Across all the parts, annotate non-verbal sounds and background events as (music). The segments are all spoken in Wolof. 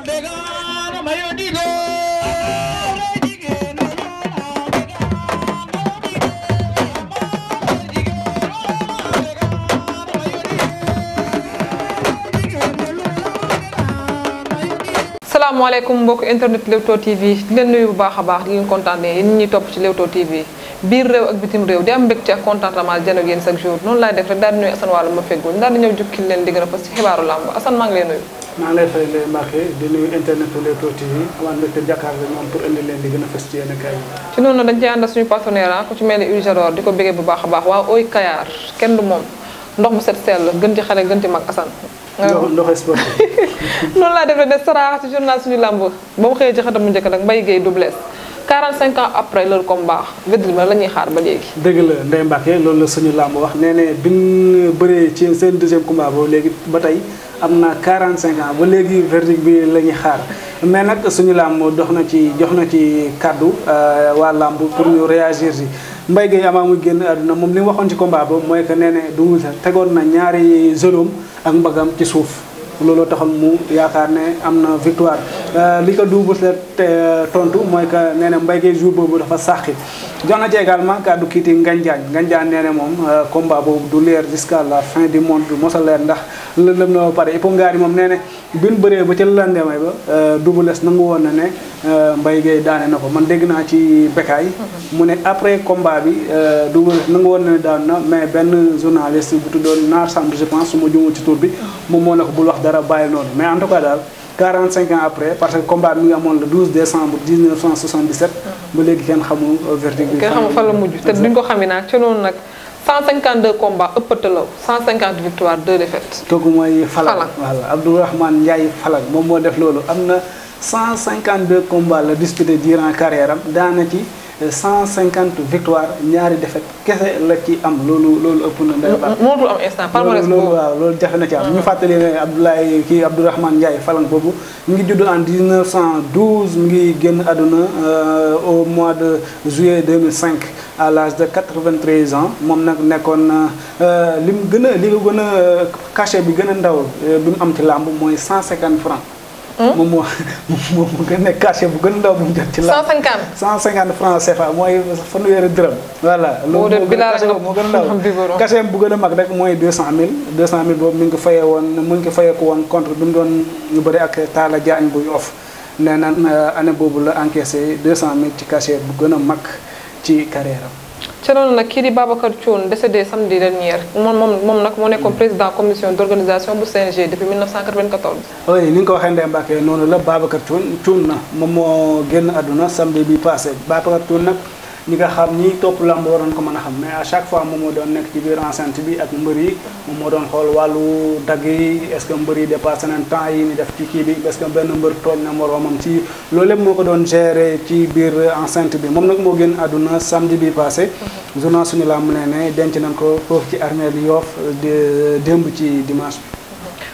asalaamaaleykum mbokk internet Leewtoo TV di leen nuyu baax a baax di leen kontaane yéen ñi topp ci Leewtoo TV biir réew ak bitim réew di am mbégte ak contentement di janoog yéen chaque jour noonu laay def rek daal di nuyu Assane Wàllu ma feggul daal di ñëw jukkil leen di gën a fas ci xibaaru làmb Assane leen nuyu naa ngi lay fay lay Mbacke di nuyu internet Leewtoo TV amaan mbégte jàkkaarloo ñoom pour indi leen di gën a fës ci yenn kay ci noonu dañ ci ànd suñu partenaire ah ku ci mel ni Urgidor di ko béggee bu baax a baax waaw ooy Kayar kenn du moom ndox bu set sell gën ci xale gën ci mag Assane ndox ah. sport (laughs) noonu laa defee de saraax ci journal suñu làmb ba mu xëyee ci xatam mu njëkk nag Mbaye Guèye Double 45 ans après loolu leur combat Vedrima la ñuy xaar ba léegi. dëgg la Ndeye Mbacke loolu la suñu làmb wax nee ne bi ñu bëree ci seen deuxième combat boobu léegi ba tey am na 45 ans ba léegi verdict bi la ñuy xaar mais nag suñu làmb dox na ci jox na ci kàddu euh, waa làmb pour ñu réagir si. Mbaye Gueye amaa muy génn àdduna moom li mu waxoon ci combat boobu mooy que nee ne du tegoon na ñaari zone ak mbagam ci suuf. looloo taxoon mu yaakaar ne am na victoire euh, li ko Double Less tontu mooy que nee na Mbaye jour boobu dafa sàqi jox na ci également kàddu kiiti Nganjaan Nganjaan nee na moom euh, combat boobu du leer jusqu'à la fin du monde du mos a leer ndax lëndëm na ba pare Ipongaari moom nee na bi ñu bëree ba ca lendemain ba euh, Double Less nangu woon na ne euh, Mbaye Gueye daane na ko man dégg naa ci Bécaye mhm. mu ne après combat bi euh, Double Less nangu woon ne daan na mais benn journaliste bu tuddoon Naar Samb su ma jumul ci tur bi mhm. moom moo ne ko bul wax dara bàyyi noonu mais en tout cas daal 45 ans après parce que combat mi ngi amoon le 12 décembre 1977. Mhm. ba léegi kenn xamul kenn xamul fan la mujj te duñ ko xamee nag ci noonu nag. cent 152 combats ëppatalaw 150 victoires 2 défaites. kooku mooy Falak Falak voilà Abdourahmane Ndiaye Falak moom moo def loolu am na 152 combats la disputé durant carrière am daana ci. cent cinquante victoire ñaari défaite kese la ci am loolu loolu ëpp na. day baax moo dul am instant palmarès boobu loolu waaw loolu jafe na ci am. Ah. ñu fàttali ne Abdoulaye kii Abdourahmane Ndiaye Falang boobu mu ngi judd en 1912 mu ngi génn àdduna euh, au mois de juillet 2005 à lage de 93 ans moom nag nekkoon euh, lim gën a li ko gën a euh, cachet bi gën a ndaw bi mu am ci làmb mooy 150 francs. moom moo moom mu gën ne cachet bu gën ndaw bu mu jot ci la 150 150 francs CFA mooy fanweeri dërëm voilà loolu moo gën ndaw (laughs) cachet bu gën a mag rek mooy 200000 200000 boobu mi ngi ko fayee woon mu ngi ko fayeeku woon contre bi mu doon ñu bëri ak Talla Diagne buy off nee na euh, année boobu la encaissé 200000 ci cachet bu gën a mag ci carrière am ca noonu nag kii di Babacar Thioune décédé samedi dernier moom moom moom nag moo nekkoon président commission d' organisation bu CNG depuis 1994. oui ni nga ko waxee Ndeye Mbacke noonu la Babacar Thioune Thioune na moom moo génn àdduna samedi bi passé Babacar Thioune nag. ñi nga xam ni topp lamb waroon ko mën a xam mais à chaque fois moom moo doon nekk ci biir enceinte bi ak mbër yi moom moo doon xool wàllu dagg yi est-ce que mbër yi dépassé nañ temps yi ñu def ci kii bi parce que benn mbër tooñ na moroomam ci loolu lépp moo ko doon gérer ci biir enceinte bi moom nag moo génn àdduna samedi bi passé journal suñu lamb ne ne denc nañ ko foofu ci armee bi Yoff démb ci dimanche bi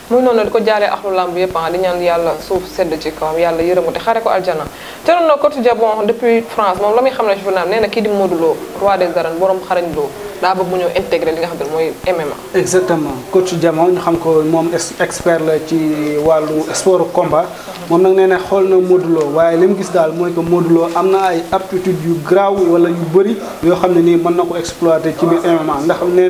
muy noonu di ko jaalee axlu lamb yëpp ah, di ñaan yàlla suuf sedd ci kawam yàlla yërëmu te xare ko aljana te noonu côté Japon depuis France moom la muy xam ne journal nee kii di Modou Lo roi des arènes borom xarañ loo daa bëgg mu ñëw intégré li nga xam ne mooy MMA. exactement coach Diamant ñu xam ko moom expert la ci wàllu sport combat. moom nag nee na xool na Modou Lo waaye li mu gis daal mooy que moduloo am na ay aptitude yu graaw wala yu bëri yoo xam ne nii mën na ko exploité ci biir MMA ndax nee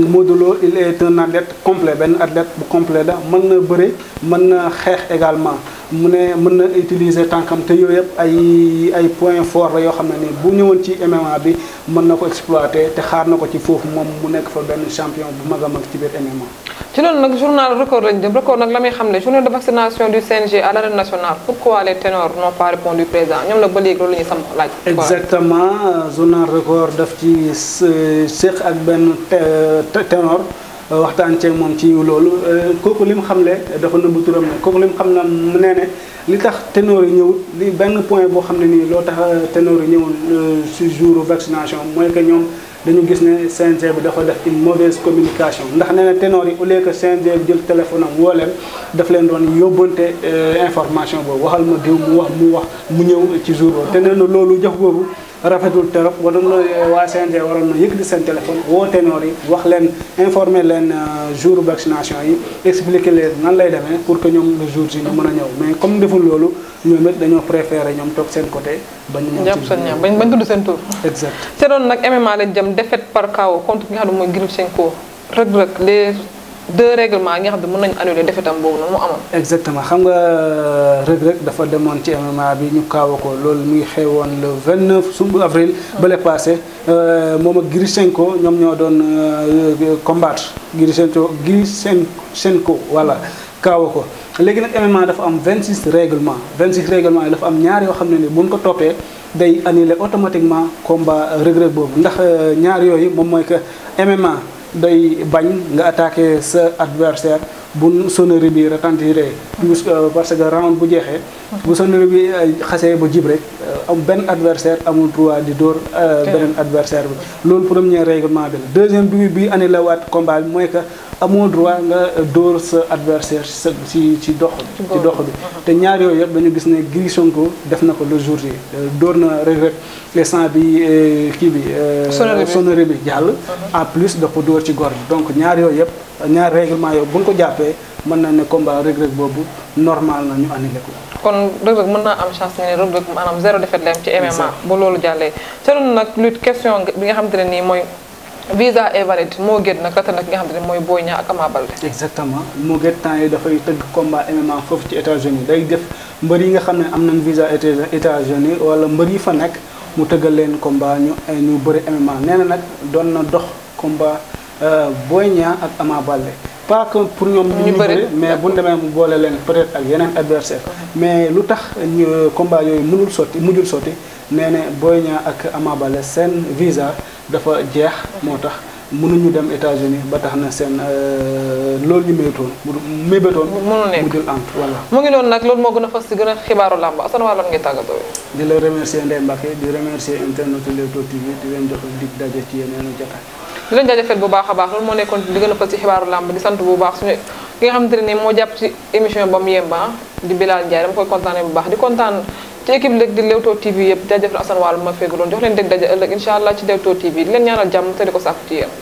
na Modou Lo il est un athlète complet benn athlète bu complet da mën na bëri mën na xeex également. mu ne mën na utiliser tànkam te yooyu yëpp ay ay point fort la yoo xam ne nii bu ñëwoon ci bi mën na ko exploité te ko ci foofu moom mu nekk fa benn champion bu mag a mag ci biir MMA. ci loolu nag journal record lañ jëm record nag la muy xam ne journée de vaccination du CNG à l'arène nationale pourquoi les ténors n'ont pas répondu présent ñoom nag ba léegi loolu la record daf ci séq ak benn ténor waxtaan ceeg moom ci loolu euh, kooku li mu xamle dafa nëbb turam ne kooku li mu xam na nee ne li tax ténor yi ñëw li benn point boo xam ne nii loo tax euh, ténor yi ñëwul euh, si jour vaccination mooy que ñoom. dañu gis ne CNG bi dafa def une mauvaise communication ndax nee na yi au lieu que CNG bi jël téléphone am woo leen daf leen doon yóbbante euh, information boobu waxal ma diw mu wax mu wax mu ñëw ci jour boobu te nee na loolu jox boobu rafetul trop waroon na waa CNG waroon na yëkkati seen téléphone woo ténor yi wax leen informe leen euh, jour vaccination yi expliquer leen nan lay demee pour que ñoom le jour si ñu mën a ñëw mais comme deful loolu ñoom it dañoo préféré ñoom toog seen côté. bañ a ñëw ci ñoom bañ bañ tudd seen tur. exact. te doon nag MMA lañ jëm défaite par KO contre ki nga xam ne mooy Gris Sénko Reug Reug les. deux règlement yi nga xam ne mën nañu annuler defetam boobu noonu mu amoon. exactement xam nga euh, Reug Reug dafa demoon ci MMA bi ñu kaawa ko loolu mu ngi woon xewoon le 29 sumb avril. bële passé euh, moom ak Girisenko ñoom ñoo doon euh, combattre Girisenko Girisenko voilà kaawa ko. léegi nag MMA dafa am 26 règlement 26 règlement réglement dafa am ñaar yoo xam ne ni buñ ko toppee day annuler automatiquement combat Reug boobu ndax ñaar yooyu moom mooy que day bañ nga attaqué sa adversaire bu sonnerie bi retentiré euh, parce que round bu jeexee bu sonnerie bi euh, xasee ba jib rek euh, am benn adversaire amul droit di dóor beneen adversaire bi loolu premier règlement bi la deuxième bi bi annulé waat combat bi mooy que amoo droit nga dóor sa adversaire ci ci dox bi te ñaar yooyu yëpp dañu gis ne Gris Sonko def na ko le jour yi euh, dóor na Reug Reug instant bi euh, kii bi euh, Sonoré bi jàll en plus da ko dóor ci gor bi donc ñaar yooyu yëpp ñaar règlement yooyu bu ñu ko jàppee mën na ne combat Reug Reug boobu normal na ñu annulé ko kon Reug Reug naa am chance ne Reug Reug maanaam zéro défaite la am ci MMA bu loolu jàllee ca loolu nag lutte question bi ne nii mooy visa est moo gën na ratal nag nga xam mooy Boy Niang ak Ama Baldé exactement moo gën temps yi dafay tëgg combat MMA foofu ci États-Unis day def mbër yi nga xam ne am nañ visa États-Unis wala mbër yi fa nekk mu tëggal leen combat ñu eh, ñu bëri MMA nee na nag doon na dox combat euh, Boy Niang ak Ama Baldé pas que pour ñoom ñu bëri mais bu ñu demee mu boole leen peut-être ak yeneen adversaire mais lu tax ñu combat yooyu mënul sotti mujjul sotti nee na Boy Niang ak Ama Baldé seen visa dafa jeex moo tax mënuñu dem États-Unis ba tax na seen euh, loolu ñu mébétoon mu mébétoon mu jël ant voilà mu ngi noonu nag loolu moo gën a fas si gën ci bu baax a baax moo nekkoon li a fas si xibaaru làmb di sant bu baax suñu ki nga xamante ne moo jàpp ci émission ba yemba di Bilal Ndiaye dama koy kontaane bu baax di kontaan ci équipe léegi di Leewtoo TV yëpp jaajëfal Assane ma féegaloon jox ci Leewtoo TV di leen ñaanal jàmm te di ko sàkku ci yéen